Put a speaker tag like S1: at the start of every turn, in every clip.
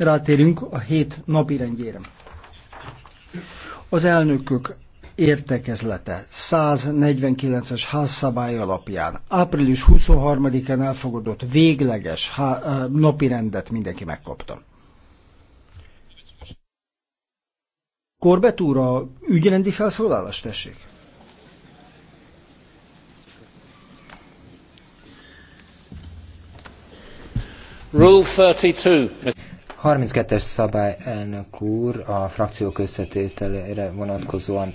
S1: Rátérünk a hét napi rendjére. Az elnökök értekezlete 149-es házszabály alapján április 23-án elfogadott végleges napi rendet mindenki megkapta. Korbet úr, a ügyrendi felszólalás tessék. Rule 32.
S2: 32-es szabály elnök úr a frakciók összetételére vonatkozóan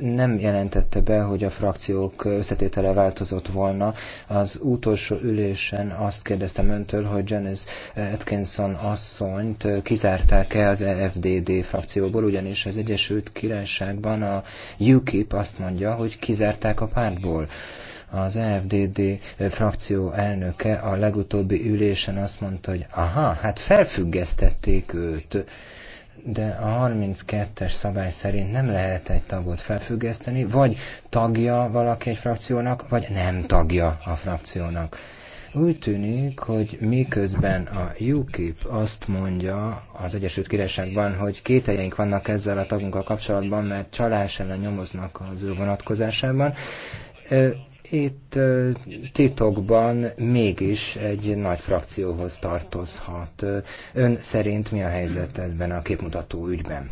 S2: nem jelentette be, hogy a frakciók összetétele változott volna. Az utolsó ülésen azt kérdeztem öntől, hogy Janice Atkinson asszonyt kizárták-e az EFDD frakcióból, ugyanis az Egyesült Királyságban a UKIP azt mondja, hogy kizárták a pártból. Az EFDD eh, frakció elnöke a legutóbbi ülésen azt mondta, hogy aha, hát felfüggesztették őt de a 32-es szabály szerint nem lehet egy tagot felfüggeszteni, vagy tagja valaki egy frakciónak, vagy nem tagja a frakciónak. Úgy tűnik, hogy miközben a UKIP azt mondja az Egyesült Királyságban, hogy kételjeink vannak ezzel a tagunkkal kapcsolatban, mert csalás ellen nyomoznak az ő vonatkozásában, eh, itt titokban mégis egy nagy frakcióhoz tartozhat. Ön szerint mi a helyzet ebben a képmutató ügyben?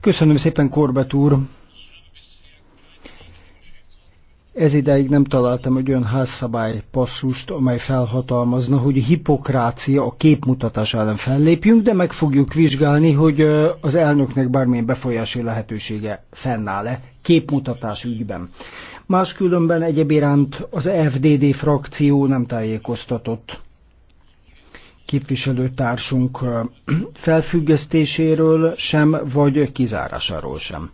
S1: Köszönöm szépen, Korbet úr! Ez ideig nem találtam egy olyan házszabály passzust, amely felhatalmazna, hogy a hipokrácia, a képmutatás ellen fellépjünk, de meg fogjuk vizsgálni, hogy az elnöknek bármilyen befolyási lehetősége fennáll-e képmutatás ügyben. Máskülönben iránt az FDD frakció nem tájékoztatott képviselőtársunk felfüggesztéséről sem, vagy kizárásáról sem.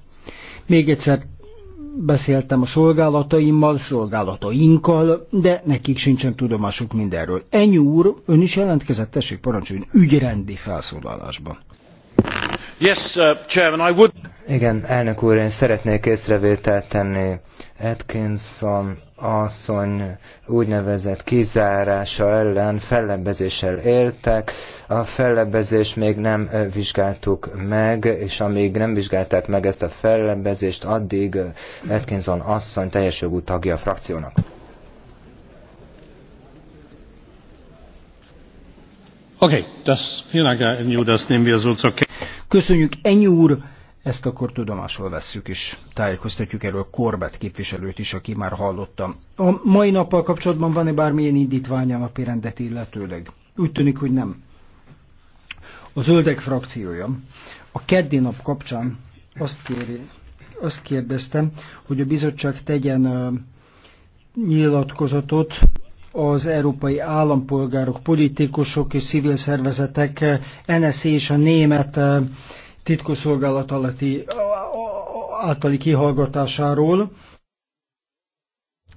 S1: Még egyszer beszéltem a szolgálataimmal, szolgálatainkkal, de nekik sincsen tudomásuk mindenről. Ennyi úr, ön is jelentkezett, tessék parancsoljon ügyrendi felszólalásban.
S2: Yes, uh, Chairman, I would... Igen, elnök úr, én szeretnék észrevételt tenni Atkinson asszony úgynevezett kizárása ellen fellebbezéssel éltek. A fellebbezést még nem vizsgáltuk meg, és amíg nem vizsgálták meg ezt a fellebbezést, addig Atkinson asszony teljes jogú tagja a frakciónak.
S1: Oké, okay, das, das nehmen wir so zur Köszönjük, Ennyi úr! Ezt akkor tudomásul vesszük, és tájékoztatjuk erről Korbett képviselőt is, aki már hallottam. A mai nappal kapcsolatban van-e bármilyen indítványa napi rendet illetőleg? Úgy tűnik, hogy nem. A zöldek frakciója a keddi nap kapcsán azt, kéri, azt kérdeztem, hogy a bizottság tegyen nyilatkozatot az európai állampolgárok, politikusok és civil szervezetek, NSZ és a német uh, titkosszolgálat alatti, általi kihallgatásáról,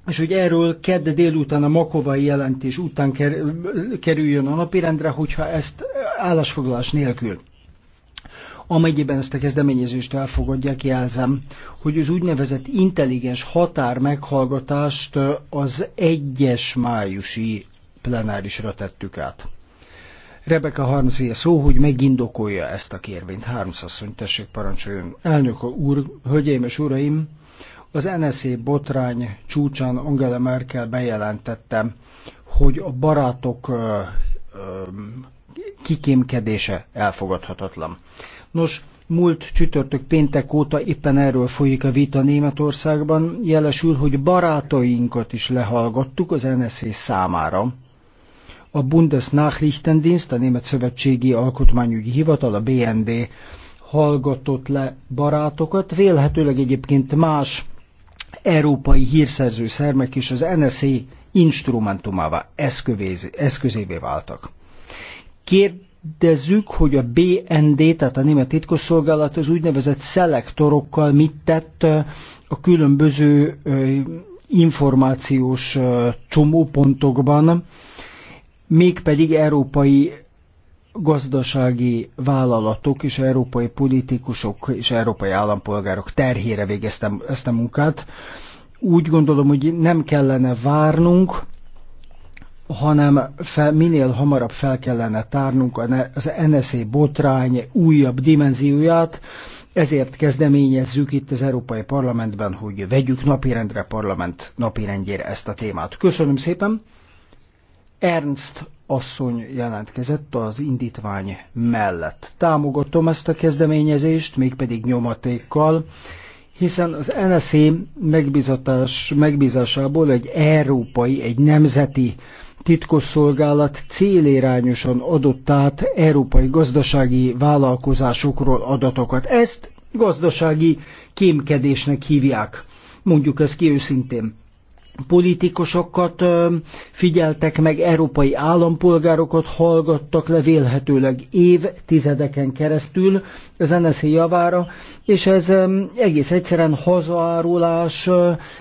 S1: és hogy erről kedd délután a makovai jelentés után kerüljön a napirendre, hogyha ezt állásfoglalás nélkül amennyiben ezt a kezdeményezést elfogadják, jelzem, hogy az úgynevezett intelligens határ meghallgatást az egyes májusi plenárisra tettük át. Rebeka Harms ilyen szó, hogy megindokolja ezt a kérvényt. Harms asszony, tessék parancsoljon. Elnök úr, hölgyeim és uraim, az NSZ botrány csúcsán Angela Merkel bejelentette, hogy a barátok ö, ö, kikémkedése elfogadhatatlan. Nos, múlt csütörtök péntek óta éppen erről folyik a vita Németországban, jelesül, hogy barátainkat is lehallgattuk az NSZ számára, a Bundesnachrichtendienst, a Német Szövetségi Alkotmányügyi Hivatal, a BND hallgatott le barátokat, vélhetőleg egyébként más európai hírszerző szermek is az NSA instrumentumává, eszközévé váltak. Kérdezzük, hogy a BND, tehát a német titkosszolgálat az úgynevezett szelektorokkal mit tett a különböző információs csomópontokban, mégpedig európai gazdasági vállalatok és európai politikusok és európai állampolgárok terhére végeztem ezt a munkát. Úgy gondolom, hogy nem kellene várnunk, hanem fel, minél hamarabb fel kellene tárnunk az NSZ botrány újabb dimenzióját, ezért kezdeményezzük itt az Európai Parlamentben, hogy vegyük napirendre parlament napirendjére ezt a témát. Köszönöm szépen! Ernst asszony jelentkezett az indítvány mellett. Támogatom ezt a kezdeményezést, mégpedig nyomatékkal, hiszen az NSZ megbizatás, megbízásából egy európai, egy nemzeti titkosszolgálat célirányosan adott át európai gazdasági vállalkozásokról adatokat. Ezt gazdasági kémkedésnek hívják. Mondjuk ezt ki őszintén politikusokat figyeltek meg, európai állampolgárokat hallgattak le vélhetőleg évtizedeken keresztül az NSZ javára, és ez egész egyszerűen hazaárulás,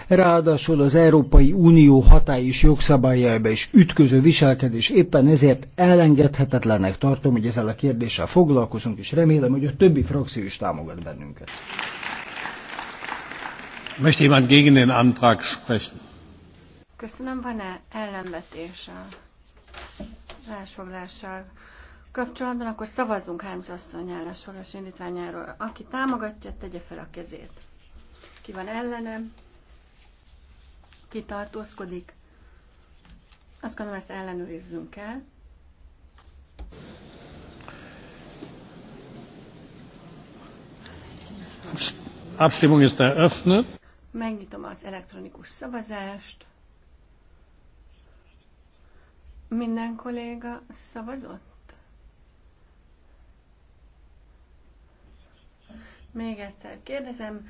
S1: ráadásul az Európai Unió hatályos jogszabályába is ütköző viselkedés. Éppen ezért elengedhetetlennek tartom, hogy ezzel a kérdéssel foglalkozunk, és remélem, hogy a többi frakció is támogat bennünket.
S3: Möchte jemand gegen den Antrag
S1: sprechen?
S3: Köszönöm, van-e ellenvetés a állásfoglással kapcsolatban? Akkor szavazzunk Hámz asszony állásfoglás indítványáról. Aki támogatja, tegye fel a kezét. Ki van ellenem? Ki tartózkodik? Azt gondolom, ezt ellenőrizzünk el.
S1: Abstimmung ist eröffnet.
S3: Megnyitom az elektronikus szavazást. Minden kolléga szavazott? Még egyszer kérdezem,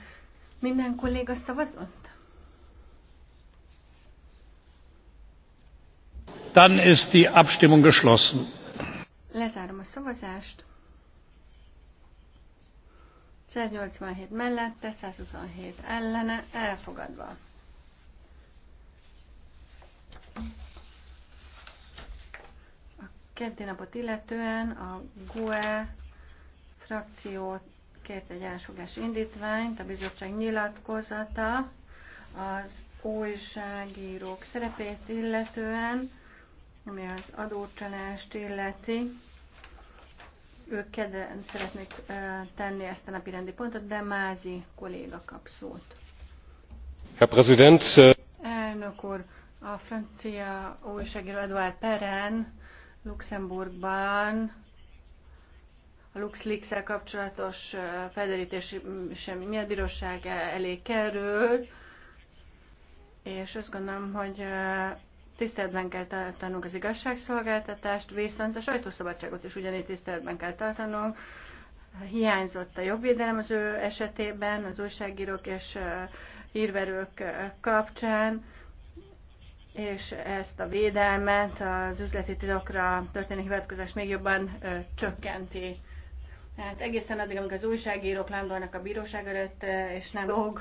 S3: minden kolléga szavazott? Dann ist die Abstimmung geschlossen. Lezárom a szavazást. 187 mellette, 127 ellene, elfogadva. kerti napot illetően a GUE frakció kért egy elsugás indítványt, a bizottság nyilatkozata az újságírók szerepét illetően, ami az adócsalást illeti. Ők kedden szeretnék tenni ezt a napi rendi pontot, de Mázi kolléga kap szót. Herr Präsident! Äh Elnök úr, a francia újságíró Edouard Perren Luxemburgban a luxleaks kapcsolatos felderítés semmi miatt bíróság elé került, és azt gondolom, hogy tiszteletben kell tartanunk az igazságszolgáltatást, viszont a sajtószabadságot is ugyanígy tiszteletben kell tartanunk. Hiányzott a jogvédelem az ő esetében, az újságírók és hírverők kapcsán és ezt a védelmet, az üzleti titokra történő hivatkozás még jobban ö, csökkenti. Tehát egészen addig, amíg az újságírók landolnak a bíróság előtt, és nem log,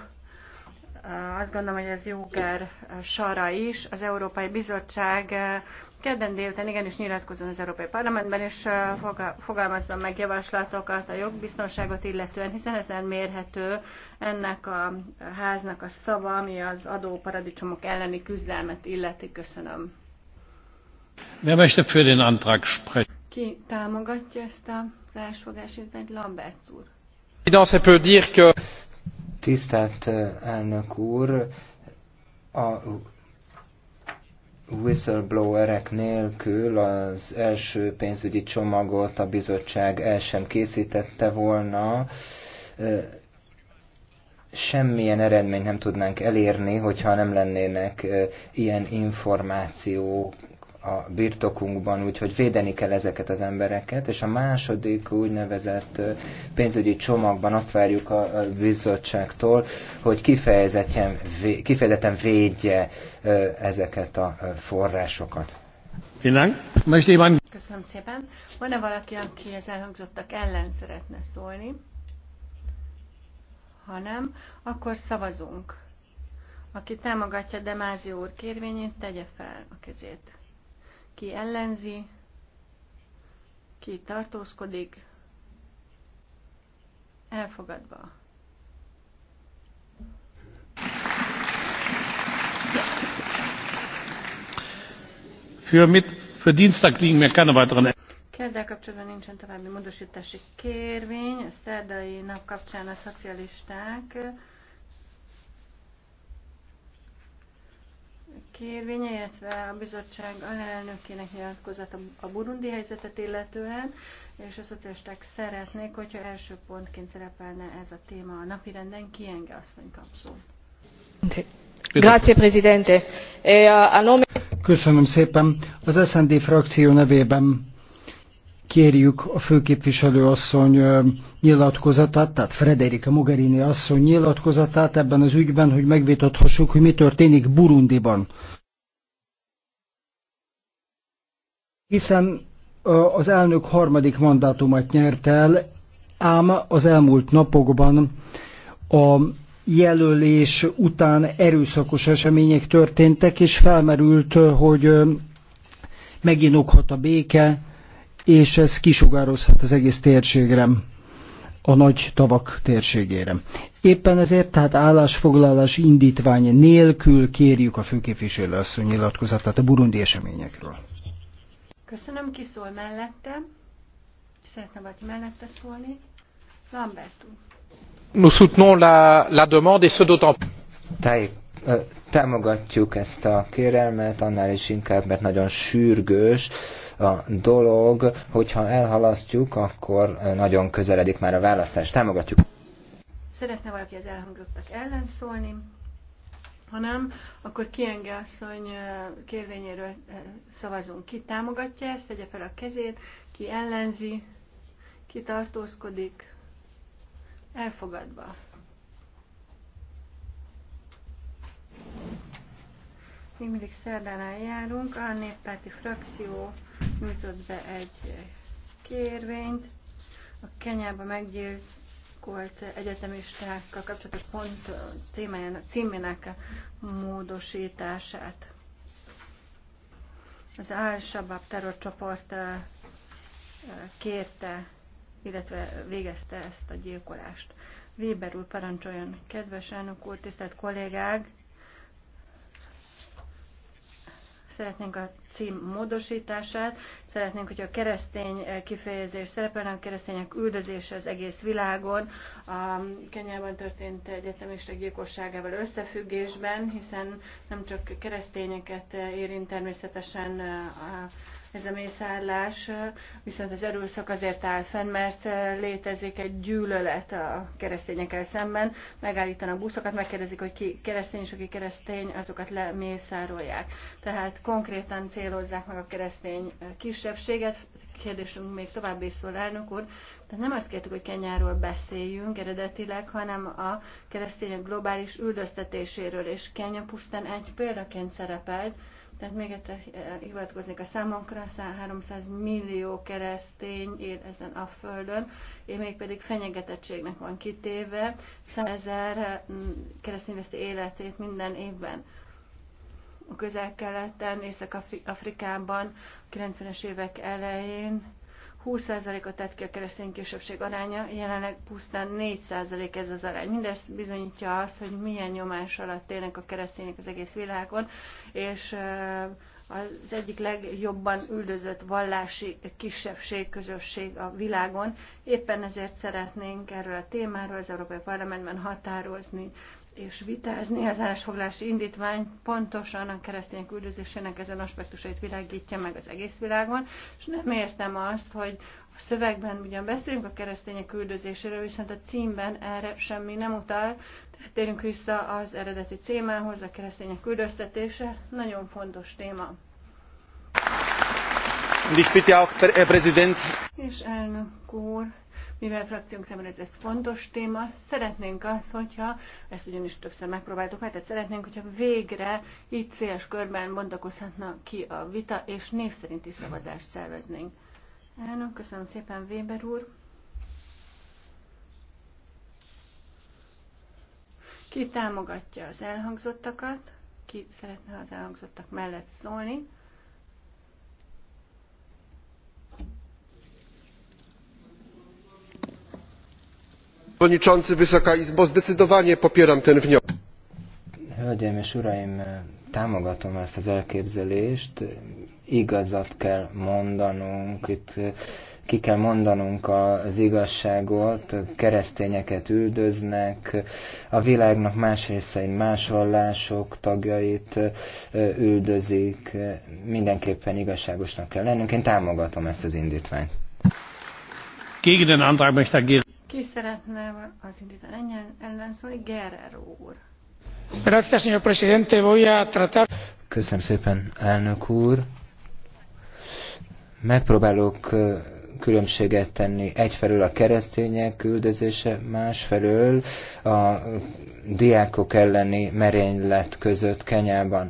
S3: azt gondolom, hogy ez Juncker sara is. Az Európai Bizottság eh, kedden délután igenis nyilatkozom az Európai Parlamentben, és eh, fogalmazzon meg javaslatokat a jogbiztonságot illetően, hiszen ezen mérhető ennek a háznak a szava, ami az adóparadicsomok elleni küzdelmet illeti. Köszönöm. Wer möchte für den Antrag sprechen? Ki támogatja ezt a zárásfogásítványt? Lamberts úr.
S2: Tisztelt eh, elnök úr, a whistleblowerek nélkül az első pénzügyi csomagot a bizottság el sem készítette volna. Eh, semmilyen eredményt nem tudnánk elérni, hogyha nem lennének eh, ilyen információk a birtokunkban, úgyhogy védeni kell ezeket az embereket, és a második úgynevezett pénzügyi csomagban azt várjuk a bizottságtól, hogy kifejezetten, kifejezetten védje ezeket a forrásokat.
S3: Köszönöm szépen. Van-e valaki, aki az elhangzottak ellen szeretne szólni? Ha nem, akkor szavazunk. Aki támogatja Demázió úr kérvényét, tegye fel a kezét ki ellenzi, ki tartózkodik, elfogadva. Für, mit, für Dienstag liegen mir keine weiteren Kérdel kapcsolatban nincsen további módosítási kérvény. A szerdai nap kapcsán a szocialisták érvénye, illetve a bizottság alelnökének nyilatkozat a burundi helyzetet illetően, és a szociálisták szeretnék, hogyha első pontként szerepelne ez a téma a napirenden, kienge asszony kapszó.
S1: Grazie, Presidente.
S3: E,
S1: Köszönöm szépen. Az SND frakció nevében kérjük a főképviselő asszony nyilatkozatát, tehát Frederika Mogherini asszony nyilatkozatát ebben az ügyben, hogy megvitathassuk, hogy mi történik Burundiban. Hiszen az elnök harmadik mandátumát nyert el, ám az elmúlt napokban a jelölés után erőszakos események történtek, és felmerült, hogy meginokhat a béke, és ez kisugározhat az egész térségre, a nagy tavak térségére. Éppen ezért tehát állásfoglalás indítvány nélkül kérjük a főképviselő asszony nyilatkozatát a burundi eseményekről.
S3: Köszönöm, ki szól mellette. Szeretne valaki mellette szólni. Lambert úr.
S2: Nous soutenons la, la demande et ce d'autant plus támogatjuk ezt a kérelmet, annál is inkább, mert nagyon sürgős, a dolog, hogyha elhalasztjuk, akkor nagyon közeledik már a választás.
S3: Támogatjuk. Szeretne valaki az elhangzottak ellen szólni? Ha nem, akkor Kienge asszony kérvényéről szavazunk. Ki támogatja ezt, tegye fel a kezét, ki ellenzi, ki tartózkodik, elfogadva. Még mindig szerdán járunk, a néppárti frakció nyújtott be egy kérvényt a Kenyában meggyilkolt egyetemistákkal kapcsolatos pont témájának, címének módosítását. Az Al-Shabaab terrorcsoport kérte, illetve végezte ezt a gyilkolást. Weber úr parancsoljon, kedves elnök úr, tisztelt kollégák! szeretnénk a cím módosítását, szeretnénk, hogy a keresztény eh, kifejezés szerepelne, a keresztények üldözése az egész világon, a Kenyában történt egyetemistek gyilkosságával összefüggésben, hiszen nem csak keresztényeket eh, érint természetesen eh, a ez a mészárlás, viszont az erőszak azért áll fenn, mert létezik egy gyűlölet a keresztényekkel szemben. Megállítanak buszokat, megkérdezik, hogy ki keresztény és aki keresztény, azokat lemészárolják. Tehát konkrétan célozzák meg a keresztény kisebbséget. Kérdésünk még további szól, elnök úr. Tehát nem azt kértük, hogy Kenyáról beszéljünk eredetileg, hanem a keresztények globális üldöztetéséről, és Kenya pusztán egy példaként szerepelt, tehát még egyszer eh, hivatkoznék a számunkra, 300 millió keresztény él ezen a földön, és még pedig fenyegetettségnek van kitéve, 100 ezer eh, keresztény veszti életét minden évben. A közel-keleten, Észak-Afrikában, 90-es évek elején 20%-a tett ki a keresztény kisebbség aránya, jelenleg pusztán 4% ez az arány. Mindezt bizonyítja azt, hogy milyen nyomás alatt élnek a keresztények az egész világon, és az egyik legjobban üldözött vallási kisebbség, közösség a világon. Éppen ezért szeretnénk erről a témáról az Európai Parlamentben határozni és vitázni. Az állásfoglási indítvány pontosan a keresztények üldözésének ezen aspektusait világítja meg az egész világon, és nem értem azt, hogy a szövegben ugyan beszélünk a keresztények üldözéséről, viszont a címben erre semmi nem utal. Tehát térünk vissza az eredeti témához, a keresztények üldöztetése. Nagyon fontos téma. ich bitte auch, Herr Präsident. És elnök úr, mivel frakciónk számára ez, ez fontos téma, szeretnénk azt, hogyha, ezt ugyanis többször megpróbáltuk meg, tehát szeretnénk, hogyha végre így széles körben bontakozhatna ki a vita, és név szerinti szavazást szerveznénk. Elnök, köszönöm szépen, Weber úr. Ki támogatja az elhangzottakat? Ki szeretne az elhangzottak mellett szólni? przewodniczący! wysoka izbo! zdecydowanie popieram ten wniosek.
S2: hölgyeim és uraim támogatom ezt az elképzelést igazat kell mondanunk itt ki kell mondanunk az igazságot, keresztényeket üldöznek, a világnak más részein más vallások tagjait üldözik, mindenképpen igazságosnak kell lennünk. Én támogatom ezt az indítványt.
S3: Gegen den Antrag möchte ki szeretne az indítani ellen szólni? Guerrero úr.
S2: Gracias, señor presidente. Voy a tratar... Köszönöm szépen, elnök úr. Megpróbálok különbséget tenni egyfelől a keresztények küldözése, másfelől a diákok elleni merénylet között Kenyában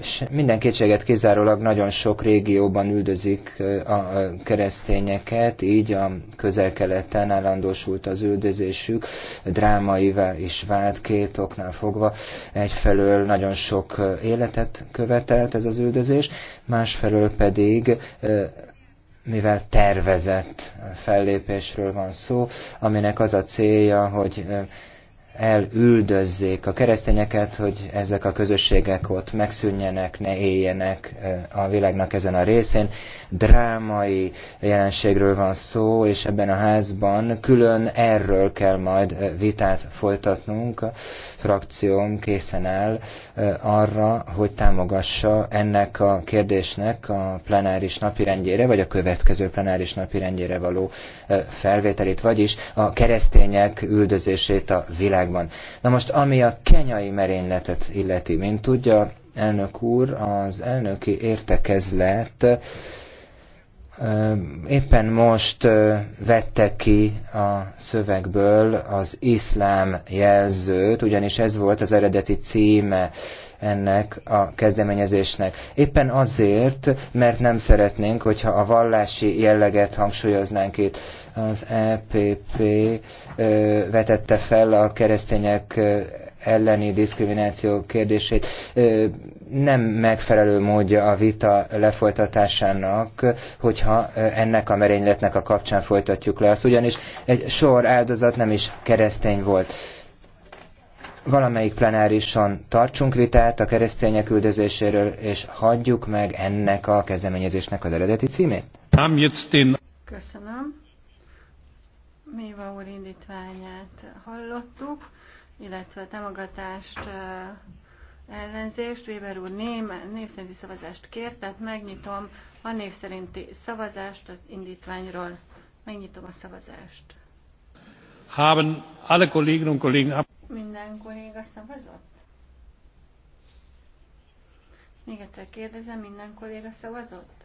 S2: és minden kétséget kizárólag nagyon sok régióban üldözik a keresztényeket, így a közel-keleten állandósult az üldözésük, drámaivá is vált két oknál fogva. Egyfelől nagyon sok életet követelt ez az üldözés, másfelől pedig mivel tervezett fellépésről van szó, aminek az a célja, hogy elüldözzék a keresztényeket, hogy ezek a közösségek ott megszűnjenek, ne éljenek a világnak ezen a részén. Drámai jelenségről van szó, és ebben a házban külön erről kell majd vitát folytatnunk. A frakcióm készen áll arra, hogy támogassa ennek a kérdésnek a plenáris napirendjére, vagy a következő plenáris napirendjére való felvételét, vagyis a keresztények üldözését a világ országban. Na most, ami a kenyai merényletet illeti, mint tudja, elnök úr, az elnöki értekezlet éppen most vette ki a szövegből az iszlám jelzőt, ugyanis ez volt az eredeti címe ennek a kezdeményezésnek. Éppen azért, mert nem szeretnénk, hogyha a vallási jelleget hangsúlyoznánk itt. Az EPP vetette fel a keresztények elleni diszkrimináció kérdését nem megfelelő módja a vita lefolytatásának, hogyha ennek a merényletnek a kapcsán folytatjuk le azt, ugyanis egy sor áldozat nem is keresztény volt valamelyik plenárison tartsunk vitát a keresztények üldözéséről, és hagyjuk meg ennek a kezdeményezésnek az eredeti címét.
S3: Köszönöm. Méva úr indítványát hallottuk, illetve támogatást, ellenzést. Weber úr ném, név szerinti szavazást kért, tehát megnyitom a név szerinti szavazást az indítványról. Megnyitom a szavazást. Haben alle Kolleginnen und Kollegen minden kolléga szavazott? Még egyszer kérdezem, minden kolléga szavazott?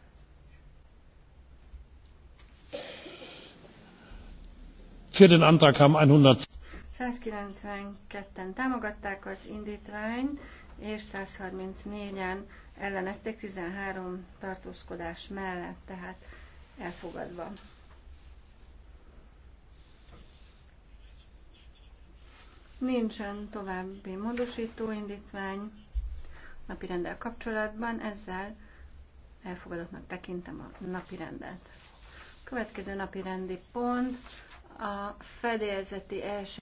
S3: Für den Antrag haben 100. 192-en támogatták az indítványt, és 134-en ellenezték 13 tartózkodás mellett, tehát elfogadva. Nincsen további módosító indítvány rendel kapcsolatban, ezzel elfogadottnak tekintem a napirendet. Következő napirendi pont a fedélzeti első